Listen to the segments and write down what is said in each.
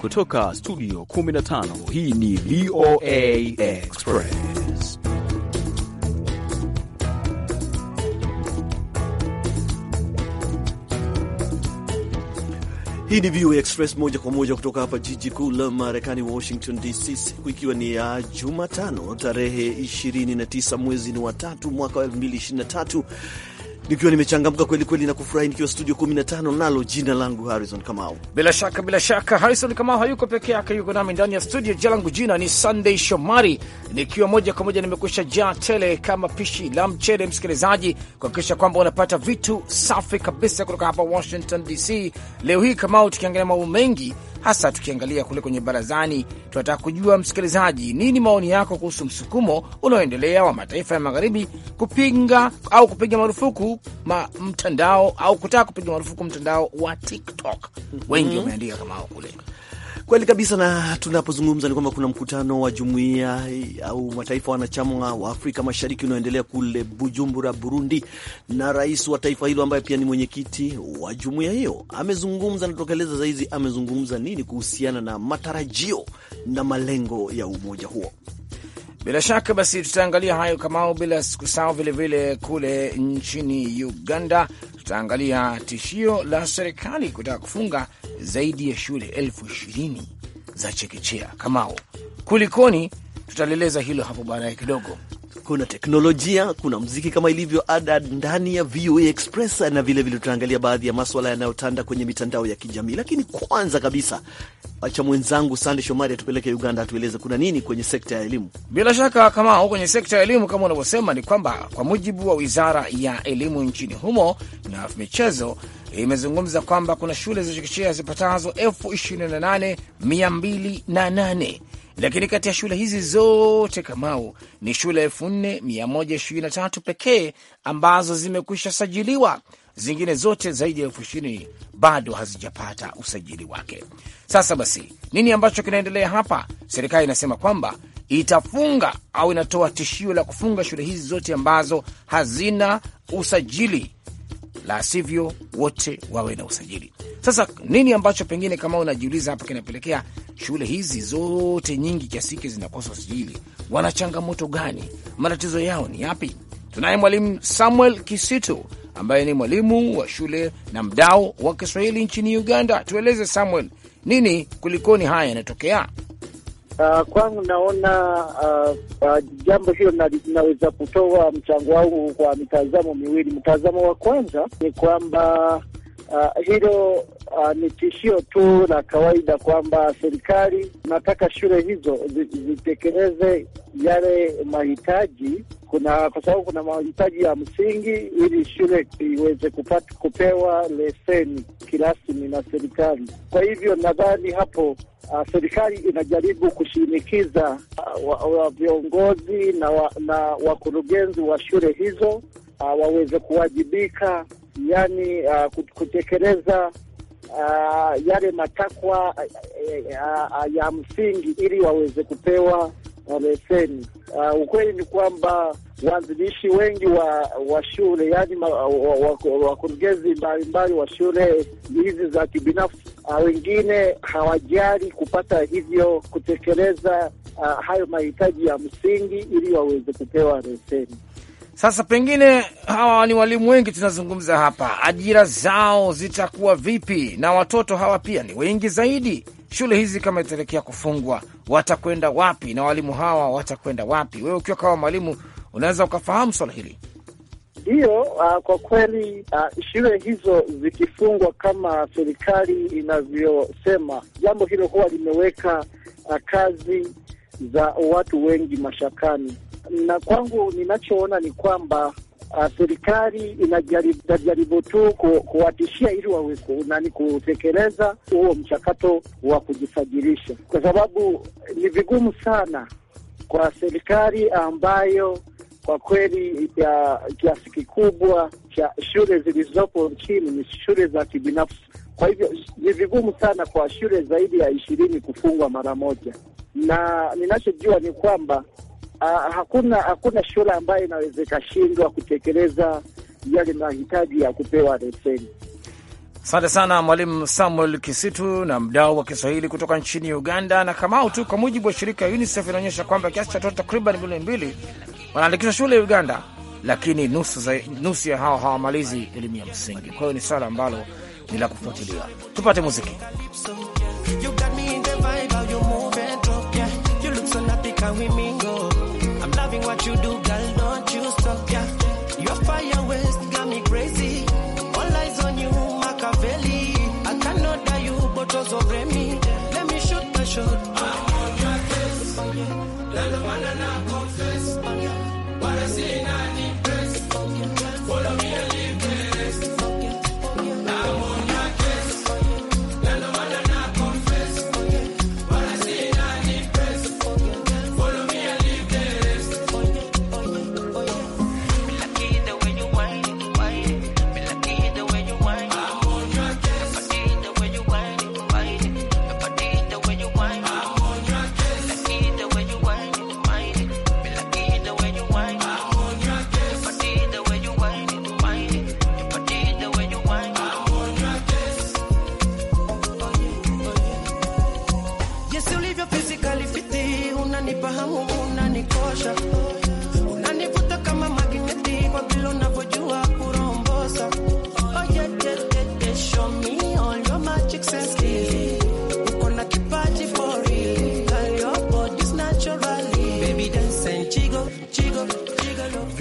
Kutoka studio 15 hii ni VOA Express. Hii ni VOA Express moja kwa moja kutoka hapa jiji kuu la Marekani, Washington DC, siku ikiwa ni ya Jumatano tarehe 29 mwezi ni wa tatu mwaka wa 2023 nikiwa nimechangamka kweli kweli na kufurahi nikiwa studio 15, nalo jina langu Harrison Kamau. Bila shaka bila shaka, Harrison Kamau hayuko peke yake, yuko nami ndani ya studio. Jina langu jina ni Sunday Shomari, nikiwa moja kwa moja nimekusha jaa tele kama pishi la mchele, msikilizaji, kuhakikisha kwamba unapata vitu safi kabisa kutoka hapa Washington DC. Leo hii Kamau, tukiangalia mambo mengi hasa tukiangalia kule kwenye barazani. Tunataka kujua msikilizaji, nini maoni yako kuhusu msukumo unaoendelea wa mataifa ya magharibi kupinga au kupiga marufuku ma mtandao au kutaka kupiga marufuku mtandao wa TikTok. Wengi mhm. wameandika mm -hmm. kama hao kule Kweli kabisa. Na tunapozungumza ni kwamba kuna mkutano wa jumuiya au mataifa wanachama wa Afrika Mashariki unaoendelea kule Bujumbura, Burundi, na rais wa taifa hilo ambaye pia ni mwenyekiti wa jumuiya hiyo amezungumza na tokeleza zaizi, amezungumza nini kuhusiana na matarajio na malengo ya umoja huo. Bila shaka basi tutaangalia hayo kamao bila kusahau vilevile kule nchini Uganda tutaangalia tishio la serikali kutaka kufunga zaidi ya shule elfu ishirini za chekechea. Kamao, kulikoni? Tutalieleza hilo hapo baadaye kidogo kuna teknolojia, kuna mziki kama ilivyo ada ndani ya VOA Express, na vilevile tutaangalia baadhi ya maswala yanayotanda kwenye mitandao ya kijamii. Lakini kwanza kabisa, acha mwenzangu Sande Shomari atupeleke Uganda, atueleze kuna nini kwenye sekta ya elimu. Bila shaka kama kwenye sekta ya elimu, kama unavyosema, ni kwamba kwa mujibu wa wizara ya elimu nchini humo na michezo imezungumza kwamba kuna shule za chekechea zipatazo elfu ishirini na nane mia mbili na nane lakini kati ya shule hizi zote Kamau, ni shule elfu nne mia moja ishirini na tatu pekee ambazo zimekwisha sajiliwa. Zingine zote zaidi ya elfu ishirini bado hazijapata usajili wake. Sasa basi, nini ambacho kinaendelea hapa? Serikali inasema kwamba itafunga au inatoa tishio la kufunga shule hizi zote ambazo hazina usajili, la sivyo wote wawe na usajili. Sasa nini ambacho pengine kama unajiuliza hapa kinapelekea shule hizi zote nyingi kiasi hiki zinakosa usajili? Wana changamoto gani? Matatizo yao ni yapi? Tunaye mwalimu Samuel kisito ambaye ni mwalimu wa shule na mdau wa Kiswahili nchini Uganda. Tueleze Samuel, nini, kulikoni haya yanatokea? Uh, kwangu naona uh, uh, jambo hilo linaweza kutoa mchango wangu kwa mitazamo miwili. Mtazamo wa kwanza ni kwamba uh, hilo uh, ni tishio tu la kawaida kwamba serikali nataka shule hizo zitekeleze yale mahitaji kuna kwa sababu kuna mahitaji ya msingi ili shule iweze kupewa leseni kirasmi na serikali. Kwa hivyo nadhani hapo uh, serikali inajaribu kushinikiza uh, wa, wa viongozi na, wa, na wakurugenzi wa shule hizo uh, waweze kuwajibika, yani uh, kutekeleza uh, yale matakwa uh, uh, uh, ya msingi ili waweze kupewa leseni. Uh, ukweli ni kwamba waanzilishi wengi wa wa shule yani wakurugenzi mbalimbali wa shule hizi za kibinafsi uh, wengine hawajali kupata hivyo kutekeleza uh, hayo mahitaji ya msingi ili waweze kupewa leseni. Sasa pengine hawa ni walimu wengi tunazungumza hapa, ajira zao zitakuwa vipi? Na watoto hawa pia ni wengi zaidi. Shule hizi kama itaelekea kufungwa, watakwenda wapi? Na walimu hawa watakwenda wapi? Wewe ukiwa kama mwalimu unaweza ukafahamu swala hili. Ndiyo, uh, kwa kweli uh, shule hizo zikifungwa kama serikali inavyosema, jambo hilo huwa limeweka uh, kazi za watu wengi mashakani na kwangu ninachoona ni kwamba Uh, serikali inajaribu tu kuwatishia ili wawe nani kutekeleza huo mchakato wa kujisajilisha, kwa sababu ni vigumu sana kwa serikali ambayo kwa kweli ya kiasi kikubwa cha shule zilizopo nchini ni shule za kibinafsi. Kwa hivyo ni vigumu sana kwa shule zaidi ya ishirini kufungwa mara moja, na ninachojua ni kwamba Uh, hakuna hakuna shule ambayo inaweza ikashindwa kutekeleza yale mahitaji ya kupewa leseni. Asante sana Mwalimu Samuel Kisitu na mdau wa Kiswahili kutoka nchini Uganda. Na Kamau tu, kwa mujibu wa shirika ya UNICEF inaonyesha kwamba kiasi cha watoto takriban milioni mbili wanaandikishwa shule ya Uganda, lakini nusu, za, nusu ya hao hawamalizi elimu ya msingi. Kwa hiyo ni swala ambalo ni la kufuatilia. Tupate muziki. what you do, girl, don't you stop, yeah. Your fire waste got me crazy. All eyes on you, Machiavelli. I cannot die you, but also blame me. Let me shoot the shot. I'm on your case.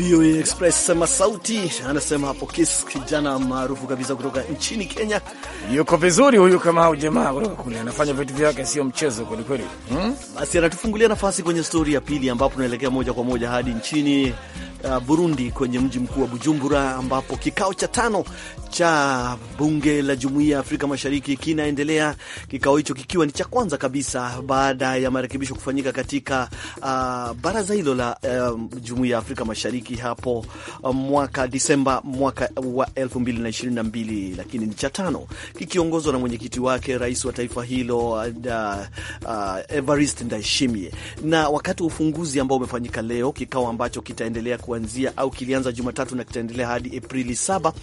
VOA Express sema sauti anasema hapo Kiss, kijana maarufu kabisa kutoka nchini Kenya. Yuko vizuri huyu kama au jamaa kutoka kule, anafanya vitu vyake, sio mchezo kweli kweli. Hmm? Basi anatufungulia nafasi kwenye stori ya pili, ambapo tunaelekea moja kwa moja hadi nchini uh, Burundi kwenye mji mkuu wa Bujumbura, ambapo kikao cha tano cha bunge la Jumuiya ya Afrika Mashariki kinaendelea, kikao hicho kikiwa ni cha kwanza kabisa baada ya marekebisho kufanyika katika uh, baraza hilo la uh, Jumuiya ya Afrika Mashariki hapo uh, mwaka Disemba mwaka wa 2022, lakini ni cha tano kikiongozwa na mwenyekiti wake rais wa taifa hilo uh, uh, Evariste Ndayishimiye. Na wakati wa ufunguzi ambao umefanyika leo, kikao ambacho kitaendelea kuanzia au kilianza Jumatatu na kitaendelea hadi Aprili saba.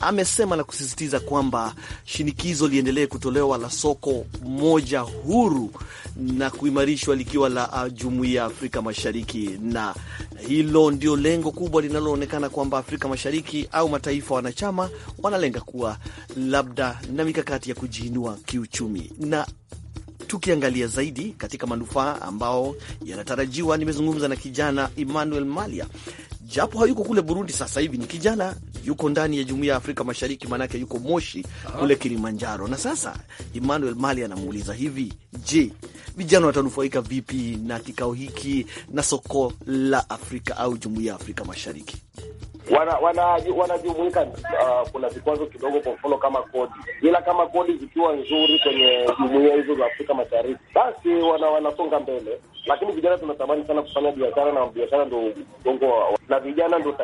Amesema na kusisitiza kwamba shinikizo liendelee kutolewa la soko moja huru na kuimarishwa likiwa la uh, jumuiya ya Afrika Mashariki, na hilo ndio lengo kubwa linaloonekana kwamba Afrika Mashariki au mataifa wanachama wanalenga kuwa labda na mikakati ya kujiinua kiuchumi na tukiangalia zaidi katika manufaa ambao yanatarajiwa. Nimezungumza na kijana Emmanuel Malia, japo hayuko kule Burundi sasa hivi, ni kijana yuko ndani ya jumuiya ya Afrika Mashariki, maanake yuko Moshi kule Kilimanjaro. Na sasa Emmanuel Malia anamuuliza hivi, je, vijana watanufaika vipi na kikao hiki na soko la Afrika au jumuiya ya Afrika Mashariki? wanajumuika wana, wana uh, kuna vikwazo kidogo, kwa mfano kama kodi, ila kama kodi zikiwa nzuri kwenye jumuia hizo za Afrika Mashariki, basi wana, wanasonga mbele. Lakini vijana tunatamani sana kufanya biashara, na biashara ndo ugongo na vijana ndo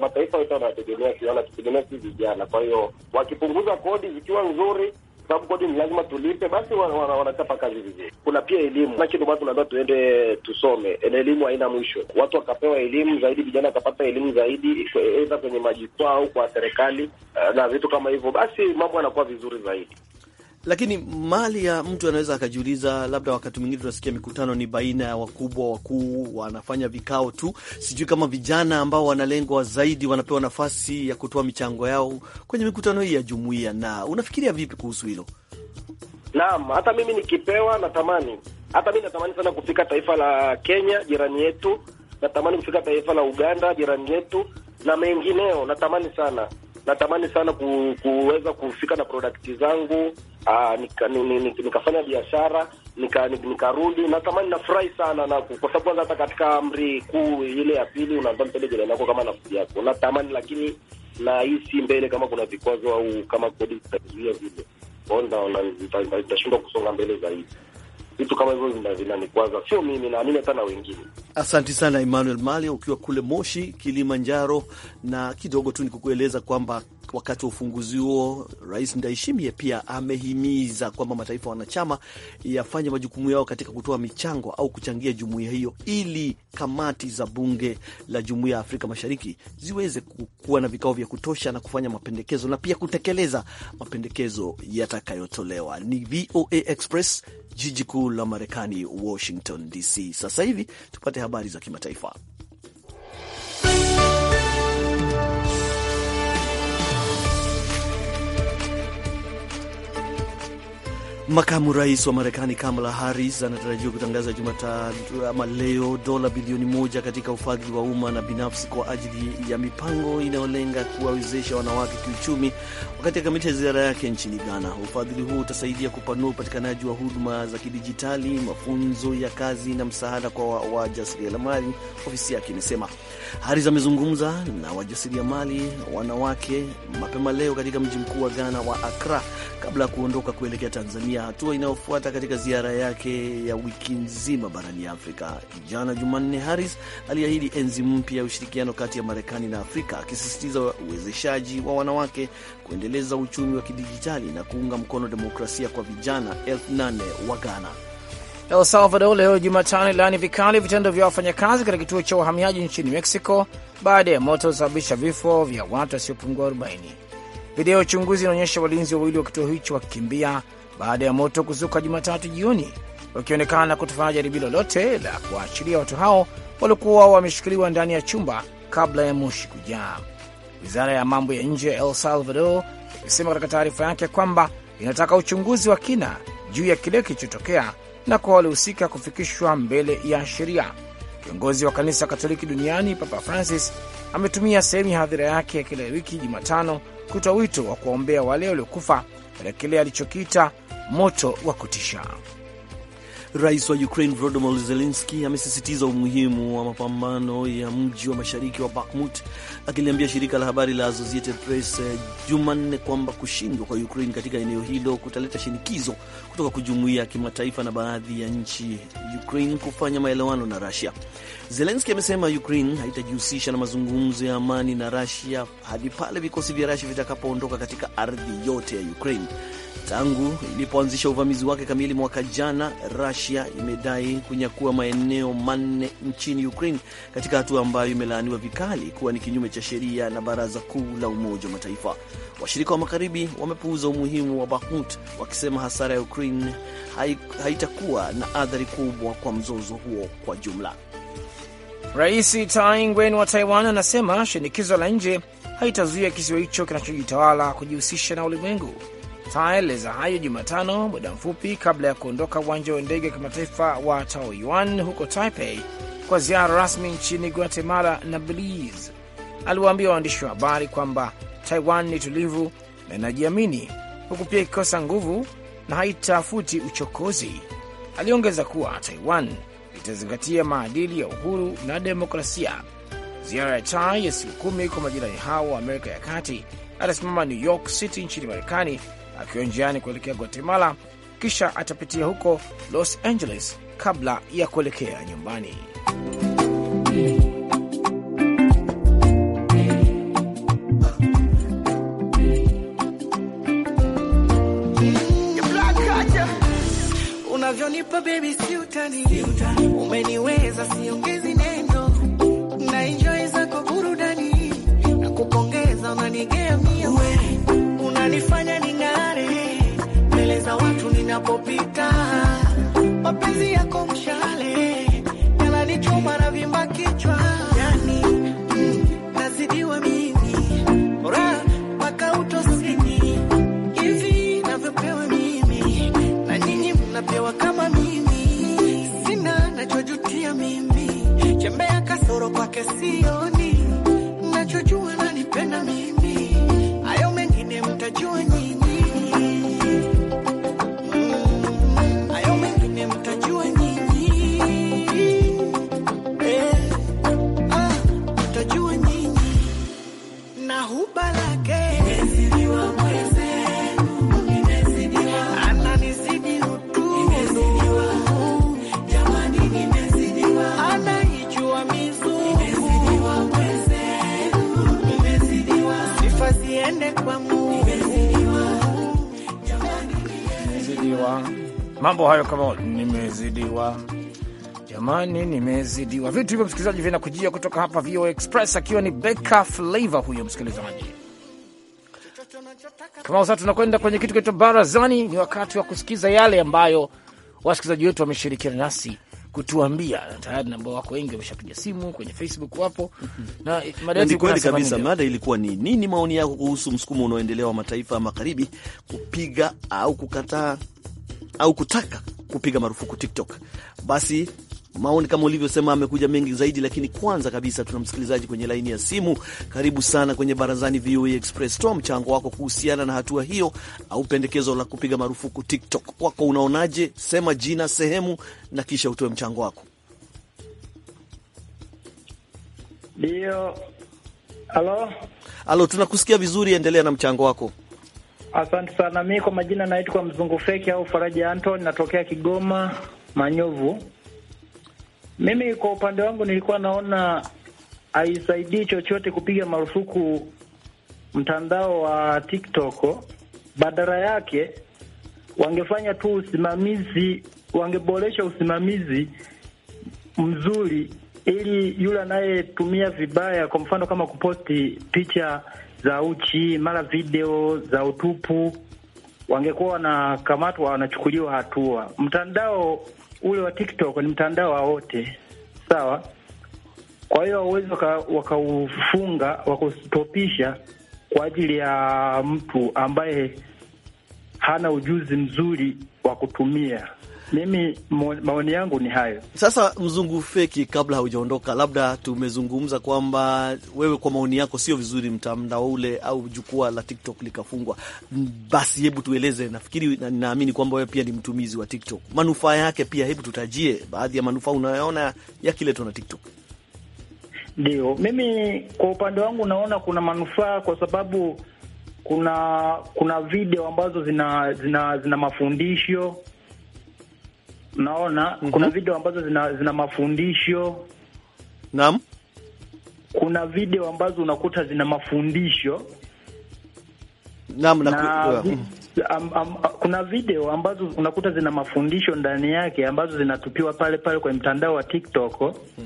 mataifa yote wanategemea, wanategemea si vijana. Kwa hiyo wakipunguza kodi zikiwa nzuri sababu kodi ni lazima tulipe, basi wanachapa kazi vizuri. Kuna pia elimu, nacho ndio maana tuende tusome, na elimu haina mwisho. Watu wakapewa elimu zaidi, vijana wakapata elimu zaidi, aidha kwenye majukwaa au kwa serikali eh, na vitu kama hivyo, basi mambo yanakuwa vizuri zaidi. Lakini mali ya mtu anaweza akajiuliza, labda wakati mwingine tunasikia mikutano ni baina ya wakubwa wakuu, wanafanya vikao tu, sijui kama vijana ambao wanalengwa zaidi wanapewa nafasi ya kutoa michango yao kwenye mikutano hii ya jumuiya. Na unafikiria vipi kuhusu hilo? Naam, hata mimi nikipewa natamani, hata mimi natamani sana kufika taifa la Kenya, jirani yetu, natamani kufika taifa la Uganda, jirani yetu, na mengineo, natamani sana natamani sana ku, kuweza kufika na product zangu ah, nika, nikafanya biashara nikarudi nika, natamani nafurahi sana na, kwa sababu kwanza hata katika amri kuu ile ya pili unaambia mpende jirani yako kama nafsi yako, natamani lakini na hisi mbele kama kuna vikwazo au kama kodi zitazuia vile kwao, nitashindwa kusonga mbele zaidi vitu kama hivyo vinanikwaza, sio mimi, naamini hata na wengine. asanti sana Emmanuel malia ukiwa kule Moshi, Kilimanjaro. Na kidogo tu ni kukueleza kwamba Wakati wa ufunguzi huo, Rais Ndayishimiye pia amehimiza kwamba mataifa wanachama yafanye majukumu yao katika kutoa michango au kuchangia jumuiya hiyo, ili kamati za bunge la Jumuiya ya Afrika Mashariki ziweze kuwa na vikao vya kutosha na kufanya mapendekezo na pia kutekeleza mapendekezo yatakayotolewa. Ni VOA Express, jiji kuu la Marekani, Washington DC. Sasa hivi tupate habari za kimataifa. Makamu rais wa Marekani Kamala Harris anatarajiwa kutangaza Jumatatu ama leo dola bilioni moja katika ufadhili wa umma na binafsi kwa ajili ya mipango inayolenga kuwawezesha wanawake kiuchumi, wakati akamilisha ziara yake nchini Ghana. Ufadhili huu utasaidia kupanua upatikanaji wa huduma za kidijitali, mafunzo ya kazi na msaada kwa wajasiriamali wa ofisi yake imesema. Harris amezungumza na wajasiriamali wanawake mapema leo katika mji mkuu wa Ghana wa akra kabla ya kuondoka kuelekea Tanzania hatua inayofuata katika ziara yake ya wiki nzima barani Afrika. Jana Jumanne, Harris aliahidi enzi mpya ya ushirikiano kati ya Marekani na Afrika, akisisitiza uwezeshaji wa wanawake, kuendeleza uchumi wa kidijitali na kuunga mkono demokrasia kwa vijana elfu nane wa Ghana. El Salvador leo Jumatano ilaani vikali vitendo vya wafanyakazi katika kituo cha uhamiaji nchini Mexico baada ya moto kusababisha vifo vya watu wasiopungua 40. Video ya uchunguzi inaonyesha walinzi wawili wa kituo hicho wakikimbia baada ya moto kuzuka Jumatatu jioni, wakionekana kutofanya jaribio lolote la kuwaachilia watu hao waliokuwa wameshikiliwa ndani ya chumba kabla ya moshi kujaa. Wizara ya mambo ya nje ya El Salvador imesema katika taarifa yake kwamba inataka uchunguzi wa kina juu ya kile kilichotokea na kwa waliohusika kufikishwa mbele ya sheria. Kiongozi wa kanisa Katoliki duniani Papa Francis ametumia sehemu ya hadhira yake ya kila wiki Jumatano kutoa wito wa kuwaombea wale waliokufa katika kile alichokiita moto wa kutisha. Rais wa Ukraine Volodymyr Zelenski amesisitiza umuhimu wa mapambano ya mji wa mashariki wa Bakhmut, akiliambia shirika la habari la Associated Press eh, Jumanne kwamba kushindwa kwa Ukraine katika eneo hilo kutaleta shinikizo kutoka kwa ya kimataifa na baadhi ya nchi Ukraine kufanya maelewano na Russia. Zelensky amesema Ukraine haitajihusisha na mazungumzo ya amani na Russia hadi pale vikosi vya Russia vitakapoondoka katika ardhi yote ya Ukraine. Tangu ilipoanzisha uvamizi wake kamili mwaka jana, Russia imedai kunyakua maeneo manne nchini Ukraine, katika hatua ambayo imelaaniwa vikali kuwa ni kinyume cha sheria na Baraza Kuu la Umoja wa Mataifa. Washirika wa magharibi wamepuuza umuhimu wa Bakhmut, wakisema hasara ya Ukraine Ukraine haitakuwa na athari kubwa kwa mzozo huo kwa jumla. Rais Tsai Ing-wen wa Taiwan anasema shinikizo la nje haitazuia kisiwa hicho kinachojitawala kujihusisha na ulimwengu. Tsai alieleza hayo Jumatano, muda mfupi kabla ya kuondoka uwanja wa ndege wa kimataifa wa Taoyuan huko Taipei kwa ziara rasmi nchini Guatemala na Belize. Aliwaambia waandishi wa habari kwamba Taiwan ni tulivu na inajiamini, huku pia ikikosa nguvu na haitafuti uchokozi. Aliongeza kuwa Taiwan itazingatia maadili ya uhuru na demokrasia. Ziara ya Tai ya siku kumi kwa majirani hao wa Amerika ya Kati atasimama New York City nchini Marekani akiwa njiani kuelekea Guatemala, kisha atapitia huko Los Angeles kabla ya kuelekea nyumbani. Umenipa baby si utani, umeniweza siongezi neno, na enjoy zako burudani na kupongeza, unanigea mia, unanifanya ning'are mbele za watu ninapopita, mapenzi yako mshale yananichoma na vimba kichwa, yani mm, nazidiwa mimi ra hivi navyopewa mimi na nyinyi mnapewa kama Chembea kasoro kwake sio Mambo hayo kama nimezidiwa, jamani, nimezidiwa. Vitu hivyo msikilizaji, vinakujia kutoka hapa VOA Express, akiwa ni Beka Flavor huyo msikilizaji kama sasa tunakwenda kwenye kitu kinaitwa barazani. Ni wakati wa kusikiza yale ambayo wasikilizaji wetu wameshirikiana nasi kutuambia, na tayari namba wako wengi wameshapiga simu kwenye Facebook wapo na mada ni kweli kabisa. Mada ilikuwa ni nini, maoni yako kuhusu msukumo unaoendelea wa mataifa ya magharibi kupiga au kukataa au kutaka kupiga marufuku TikTok. Basi maoni kama ulivyosema amekuja mengi zaidi, lakini kwanza kabisa tuna msikilizaji kwenye laini ya simu. Karibu sana kwenye barazani VOA Express, toa mchango wako kuhusiana na hatua hiyo au pendekezo la kupiga marufuku TikTok. Kwako unaonaje? Sema jina, sehemu na kisha utoe mchango wako. Ndio, halo halo, tunakusikia vizuri, endelea na mchango wako. Asante sana. Mi kwa majina naitwa Mzungu Feki au Faraja Anton, natokea Kigoma Manyovu. Mimi kwa upande wangu nilikuwa naona haisaidii chochote kupiga marufuku mtandao wa TikTok. Badala yake wangefanya tu usimamizi, wangeboresha usimamizi mzuri, ili yule anayetumia vibaya, kwa mfano kama kuposti picha za uchi, mara video za utupu, wangekuwa wanakamatwa, wanachukuliwa hatua. Mtandao ule wa TikTok ni mtandao wa wote, sawa. Kwa hiyo hauwezi wakaufunga, waka kwa ajili ya mtu ambaye hana ujuzi mzuri wa kutumia mimi maoni yangu ni hayo. Sasa mzungu feki, kabla haujaondoka, labda tumezungumza kwamba wewe, kwa maoni yako, sio vizuri mtandao ule au jukwaa la TikTok likafungwa. Basi hebu tueleze, nafikiri na ninaamini kwamba wewe pia ni mtumizi wa TikTok, manufaa yake pia, hebu tutajie baadhi ya manufaa unayoona yakiletwa na TikTok. Ndio, mimi kwa upande wangu naona kuna manufaa kwa sababu kuna kuna video ambazo zina zina, zina mafundisho naona mm -hmm. Kuna video ambazo zina, zina mafundisho naam. Kuna video ambazo unakuta zina mafundisho naam, na, na uh, am, am, kuna video ambazo unakuta zina mafundisho ndani yake ambazo zinatupiwa pale pale kwenye mtandao wa TikTok mm -hmm.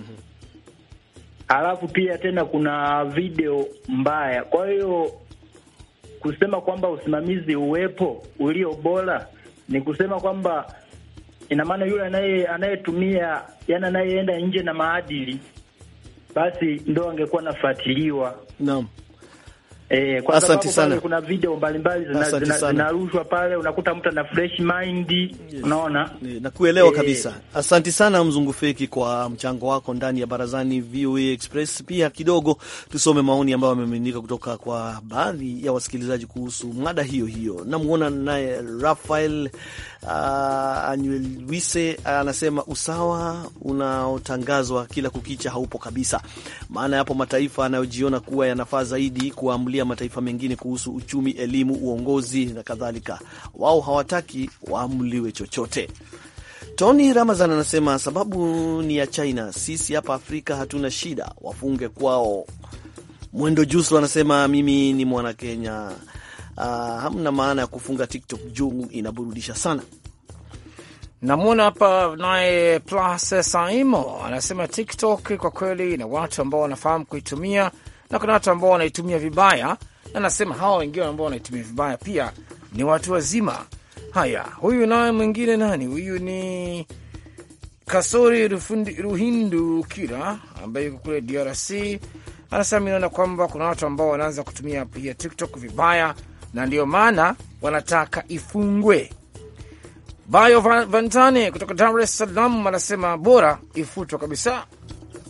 Alafu pia tena kuna video mbaya. Kwa hiyo kusema kwamba usimamizi uwepo ulio bora ni kusema kwamba ina maana yule anaye anayetumia yani anayeenda nje na maadili basi ndo angekuwa nafuatiliwa. Naam. Eh, kwa asante sana. Kuna video mbalimbali zinarushwa zina, pale, unakuta mtu ana fresh mind yes. Unaona eh, nakuelewa eh, kabisa. Asante sana Mzungu Feki kwa mchango wako ndani ya barazani VOA Express. Pia kidogo tusome maoni ambayo yamemiminika kutoka kwa baadhi ya wasikilizaji kuhusu mada hiyo hiyo. Namuona naye Rafael uh, ah, Anuel Wise anasema uh, usawa unaotangazwa kila kukicha haupo kabisa, maana yapo mataifa anayojiona kuwa yanafaa zaidi kuamlia kuangalia mataifa mengine kuhusu uchumi, elimu, uongozi na kadhalika. Wao hawataki waamuliwe chochote. Tony Ramazan anasema sababu ni ya China, sisi hapa Afrika hatuna shida, wafunge kwao. Mwendo Jusu anasema mimi ni mwana Kenya. Uh, hamna maana ya kufunga TikTok juu inaburudisha sana. Namwona hapa naye Plus Saimo anasema TikTok kwa kweli, na watu ambao wanafahamu kuitumia na kuna watu ambao wanaitumia vibaya, na nasema hawa wengine ambao wanaitumia vibaya pia ni watu wazima. Haya, huyu naye mwingine nani huyu? Ni Kasori Rufundi, Ruhindu Kira ambaye yuko kule DRC anasema minaona kwamba kuna watu ambao wanaanza kutumia pia TikTok vibaya, na ndiyo maana wanataka ifungwe. Bayo Vantane kutoka Dar es Salaam anasema bora ifutwe kabisa,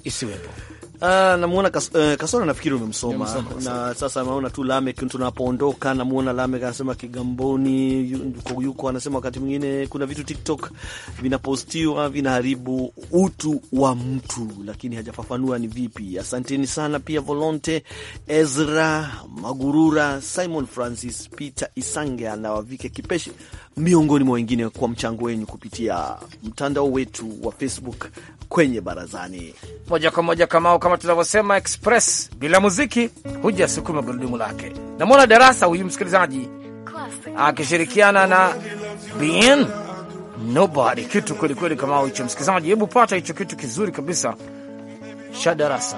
isiwepo. Uh, namuona kas, uh, eh, Kasona nafikiri umemsoma na sasa naona tu lame tunapoondoka namuona lame anasema Kigamboni yuko yuko, anasema wakati mwingine kuna vitu TikTok vinapostiwa vinaharibu utu wa mtu, lakini hajafafanua ni vipi. Asanteni sana pia Volonte Ezra Magurura, Simon Francis, Peter Isange na Wavike Kipeshi miongoni mwa wengine kwa mchango wenyu kupitia mtandao wetu wa Facebook kwenye barazani moja kwa moja. Kamao, kama tunavyosema express, bila muziki hujasukuma gurudumu lake. Namwona darasa huyu msikilizaji akishirikiana na Bien Nobody, kitu kwelikweli. Kamao hicho msikilizaji, hebu pata hicho kitu kizuri kabisa cha darasa.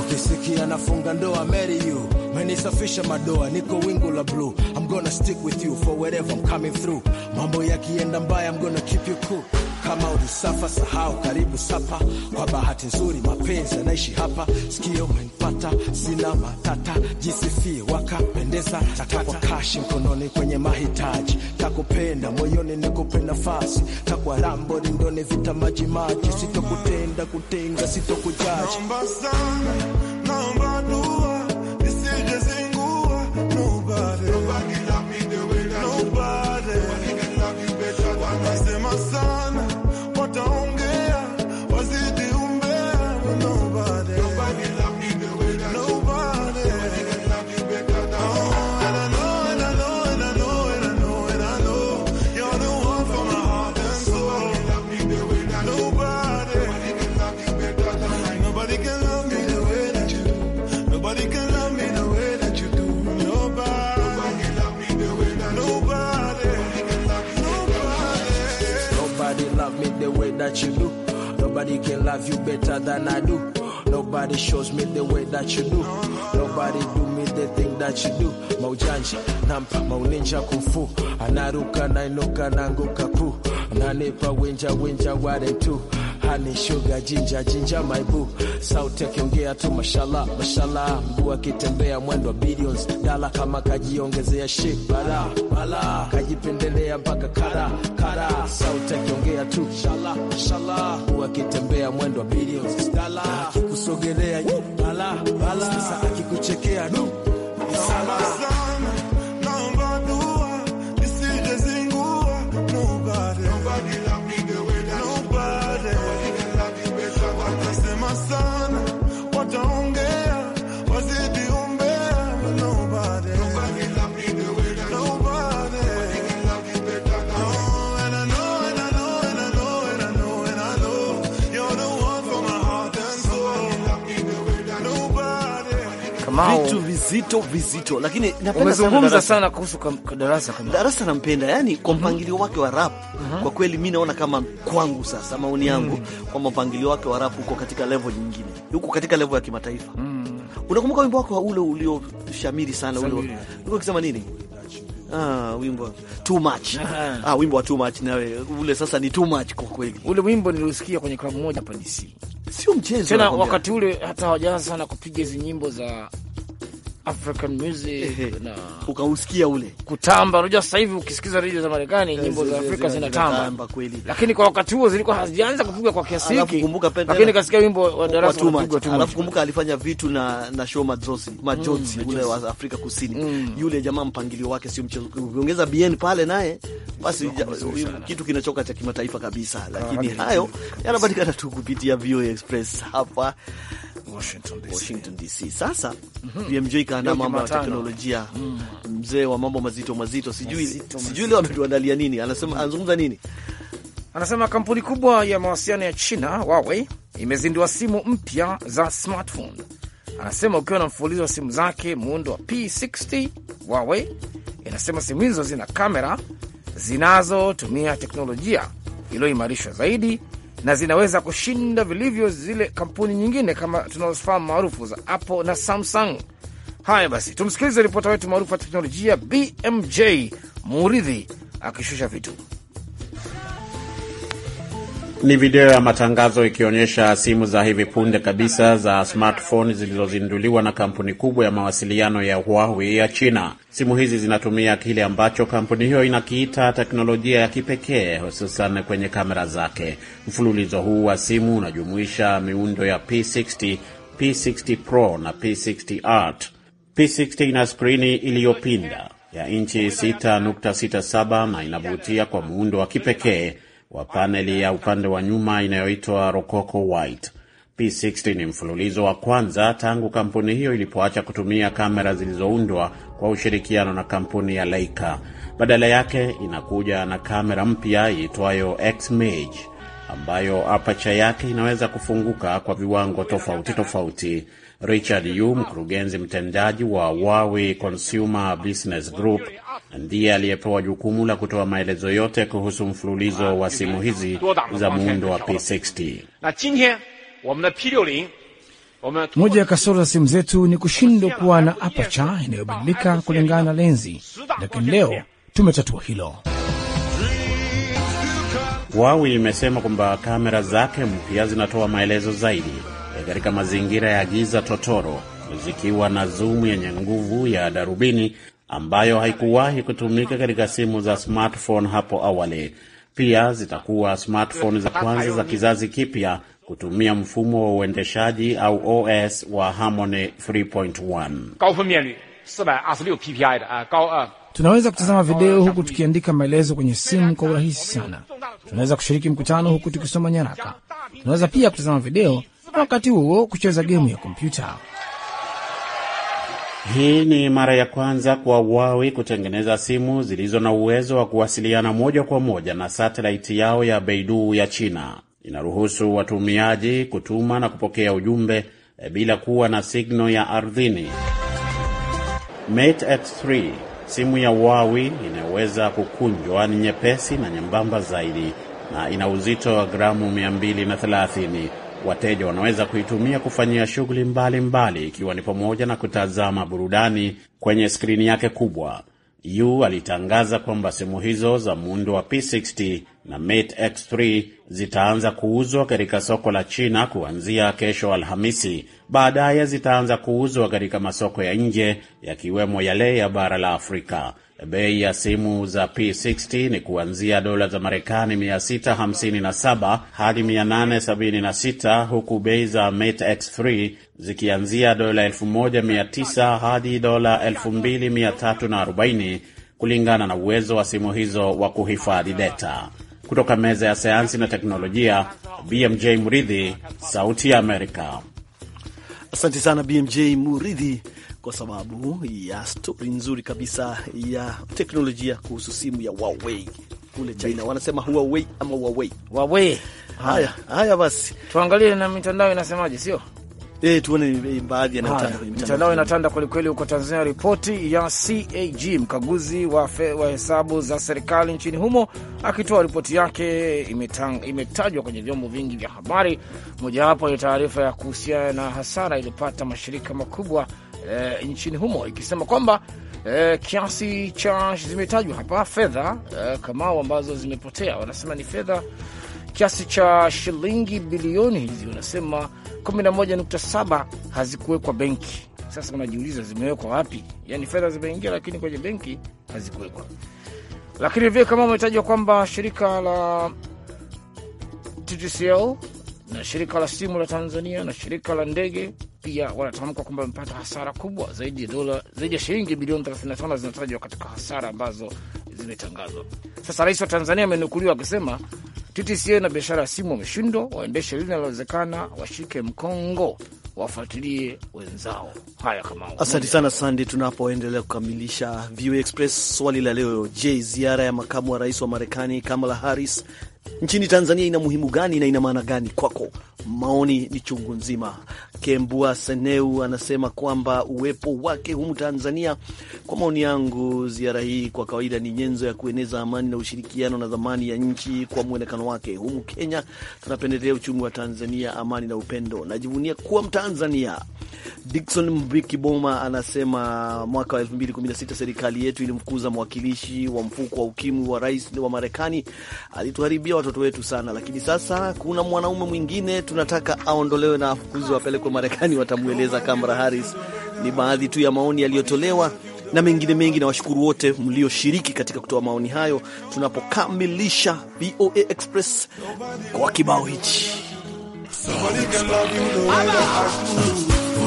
Ukisikia nafunga ndoa, marry you, menisafisha madoa, niko wingu la blue gonna stick with you for whatever I'm coming through. Mambo yakienda mbaya, I'm gonna keep you cool. Kama ulisafa sahau, karibu sapa. Kwa bahati nzuri mapenzi naishi hapa, sikio umenipata, sina matata, jisifie wakapendeza, takwa kashi mkononi kwenye mahitaji, takupenda moyoni, nikupe nafasi, takwa rambo lindoni, vita majimaji, sitokutenda kutenga, sitokujaji Nobody can love you better than I do. Nobody shows me the way that you do. Nobody do me the thing that you do. Maujanja, nampa, mauninja kufu. Anaruka, nainuka, nanguka ku. Nanipa, winja, winja, ware tu. honey sugar ginger ginger my boo, sauti akiongea tu mashallah mashallah, mguu akitembea mwendo billions dala, kama kajiongezea shit bala bala, kajipendelea mpaka kara kara, sauti akiongea tu mashallah mashallah, mguu akitembea mwendo billions dala, akikusogelea bala bala, sasa akikuchekea du sala Kamau, vitu vizito vizito, lakini napenda sana sana kuhusu darasa kama Darasa nampenda yani kwa mhm. mpangilio mm -hmm. wake wa rap mm -hmm. kwa kweli mimi naona kama kwangu, sasa maoni mhm. yangu mm -hmm. kwa mpangilio wake wa rap uko katika level nyingine, uko katika level ya kimataifa mm -hmm. unakumbuka wimbo wako ule ulioshamiri sana ule ulikuwa ukisema nini? Ah, wimbo too much. Ah, wimbo wa too much nawe ule sasa ni too much kwa kweli. Ule wimbo niliusikia kwenye klabu moja hapa DC. Sio mchezo. Tena wakati ule hata hawajaanza sana kupiga hizo nyimbo za African music na ukausikia ule kutamba. Unajua sasa hivi ukisikiza redio za Marekani nyimbo za Afrika zinatamba kweli, lakini kwa wakati huo zilikuwa hazijaanza kupiga kwa kiasi hiki, lakini kasikia wimbo wa darasa unapigwa tu. Alafu kumbuka alifanya vitu na na show majozi majozi mm, ule wa Afrika Kusini, mm. yule jamaa mpangilio wake sio mchezo. Ukiongeza BN pale naye, basi kitu kinachoka cha kimataifa kabisa. Lakini ah, hayo yanapatikana tu kupitia VOA Express hapa Washington DC, Washington DC. Sasa mhm. BMJ kaandaa mambo ya teknolojia, mm. mzee wa mambo mazito mazito, sijui mazito, sijui leo ametuandalia nini, anasema anazungumza nini? Anasema kampuni kubwa ya mawasiliano ya China Huawei imezindua simu mpya za smartphone. Anasema ukiwa na mfululizo wa simu zake muundo wa P60, Huawei inasema simu hizo zina kamera zinazotumia teknolojia iliyoimarishwa zaidi na zinaweza kushinda vilivyo zile kampuni nyingine kama tunazofahamu maarufu za Apple na Samsung. Haya basi, tumsikilize ripota wetu maarufu wa teknolojia BMJ Muridhi akishusha vitu. Ni video ya matangazo ikionyesha simu za hivi punde kabisa za smartphone zilizozinduliwa na kampuni kubwa ya mawasiliano ya Huawei ya China. Simu hizi zinatumia kile ambacho kampuni hiyo inakiita teknolojia ya kipekee, hususan kwenye kamera zake. Mfululizo huu wa simu unajumuisha miundo ya P60, P60 Pro na P60 Art. P60 ina skrini iliyopinda ya inchi 6.67 na inavutia kwa muundo wa kipekee wa paneli ya upande wa nyuma inayoitwa Rococo White. P60 ni mfululizo wa kwanza tangu kampuni hiyo ilipoacha kutumia kamera zilizoundwa kwa ushirikiano na kampuni ya Leica. Badala yake inakuja na kamera mpya iitwayo X-Mage ambayo apacha yake inaweza kufunguka kwa viwango tofauti tofauti. Richard Yu, mkurugenzi mtendaji wa Wawi Consumer Business Group, ndiye aliyepewa jukumu la kutoa maelezo yote kuhusu mfululizo wa simu hizi za muundo wa P60. Moja ya kasoro za simu zetu ni kushindwa kuwa na apacha inayobadilika kulingana na lenzi, lakini leo tumetatua hilo. Huawei imesema kwamba kamera zake mpya zinatoa maelezo zaidi katika mazingira ya giza totoro zikiwa na zumu yenye nguvu ya darubini ambayo haikuwahi kutumika katika simu za smartphone hapo awali. Pia zitakuwa smartphone za kwanza za kizazi kipya kutumia mfumo wa uendeshaji au OS wa Harmony 3.1. Tunaweza kutazama video huku tukiandika maelezo kwenye simu kwa urahisi sana. Tunaweza kushiriki mkutano huku tukisoma nyaraka. Tunaweza pia kutazama video na wakati huo kucheza gemu ya kompyuta. Hii ni mara ya kwanza kwa Huawei kutengeneza simu zilizo na uwezo wa kuwasiliana moja kwa moja na satelaiti yao ya beidu ya China. Inaruhusu watumiaji kutuma na kupokea ujumbe eh, bila kuwa na signo ya ardhini. Mate X3, simu ya Huawei inayoweza kukunjwa, ni nyepesi na nyembamba zaidi na ina uzito wa gramu 230. Wateja wanaweza kuitumia kufanyia shughuli mbalimbali, ikiwa ni pamoja na kutazama burudani kwenye skrini yake kubwa. Yu alitangaza kwamba simu hizo za muundo wa P60 na Mate X3 zitaanza kuuzwa katika soko la China kuanzia kesho Alhamisi. Baadaye zitaanza kuuzwa katika masoko ya nje yakiwemo yale ya bara la Afrika. Bei ya simu za P60 ni kuanzia dola za Marekani 657 hadi 876 huku bei za Mate X3 zikianzia dola 1900 hadi dola 2340 kulingana na uwezo wa simu hizo wa kuhifadhi data. Kutoka meza ya sayansi na teknolojia, BMJ Muridhi, Sauti ya Amerika. Asante sana BMJ Muridhi kwa sababu ya stori nzuri kabisa ya teknolojia kuhusu simu ya Huawei kule China. Wanasema Huawei ama Huawei, Huawei. Haya, haya basi tuangalie na mitandao inasemaje, sio? E, tuone baadhi ya kwenye mitandao inatanda kwelikweli. Huko Tanzania, ripoti ya CAG mkaguzi wa, fe, wa hesabu za serikali nchini humo akitoa ripoti yake imetajwa kwenye vyombo vingi vya habari. Mojawapo ni taarifa ya kuhusiana na hasara iliyopata mashirika makubwa eh, nchini humo ikisema kwamba eh, kiasi cha zimetajwa hapa fedha eh, kamao ambazo zimepotea, wanasema ni fedha kiasi cha shilingi bilioni hizi, wanasema 11.7 hazikuwekwa benki. Sasa unajiuliza zimewekwa wapi? Yani fedha zimeingia, lakini kwenye benki hazikuwekwa. Lakini vile kama umetajwa kwamba shirika la TTCL na shirika la simu la Tanzania na shirika la ndege pia wanatamka kwamba wamepata hasara kubwa zaidi ya dola zaidi ya shilingi bilioni 35 zinatajwa katika hasara ambazo zimetangazwa. Sasa rais wa Tanzania amenukuliwa akisema TTCA na biashara ya simu wameshindwa, waendeshe lile linalowezekana, washike mkongo wafuatilie wenzao. Haya, kama asante sana Sandi. Tunapoendelea kukamilisha VOA Express swali la leo, je, ziara ya makamu wa rais wa Marekani Kamala Harris nchini Tanzania ina muhimu gani na ina maana gani kwako? Maoni ni chungu nzima. Kembua Seneu anasema kwamba uwepo wake humu Tanzania, kwa maoni yangu, ziara hii kwa kawaida ni nyenzo ya kueneza amani na ushirikiano na dhamani ya nchi. Kwa mwonekano wake humu Kenya, tunapendelea uchumi wa Tanzania, amani na upendo. Najivunia kuwa Mtanzania. Dickson Mbiki Boma anasema mwaka wa 2016 serikali yetu ilimfukuza mwakilishi wa mfuko wa ukimwi wa rais wa Marekani, alituharibia watoto wetu sana, lakini sasa kuna mwanaume mwingine tunataka aondolewe na afukuzi wapelekwe Marekani, watamweleza Kamala Harris. Ni baadhi tu ya maoni yaliyotolewa na mengine mengi. Na washukuru wote mlioshiriki katika kutoa maoni hayo, tunapokamilisha VOA Express kwa kibao hichi.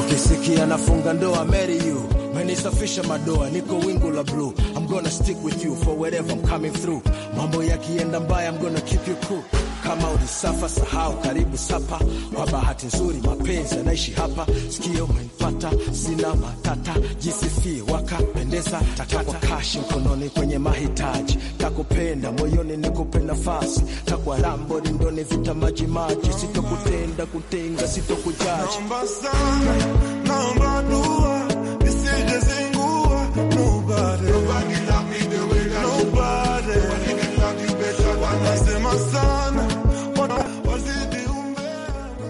Ukisikia nafunga ndoa, marry you menisafisha madoa, niko wingu la blue. I'm gonna stick with you for wherever I'm coming through. Mambo yakienda mbaya, I'm gonna keep you cool kama ulisafa sahau, karibu sapa. Kwa bahati nzuri mapenzi yanaishi hapa. Sikio umenipata, sina matata. jisifi wakapendeza, takwa kashi mkononi kwenye mahitaji. Takupenda moyoni nikupe nafasi, takwa rambo lindoni vita majimaji. Sitokutenda kutenga, sitokujaji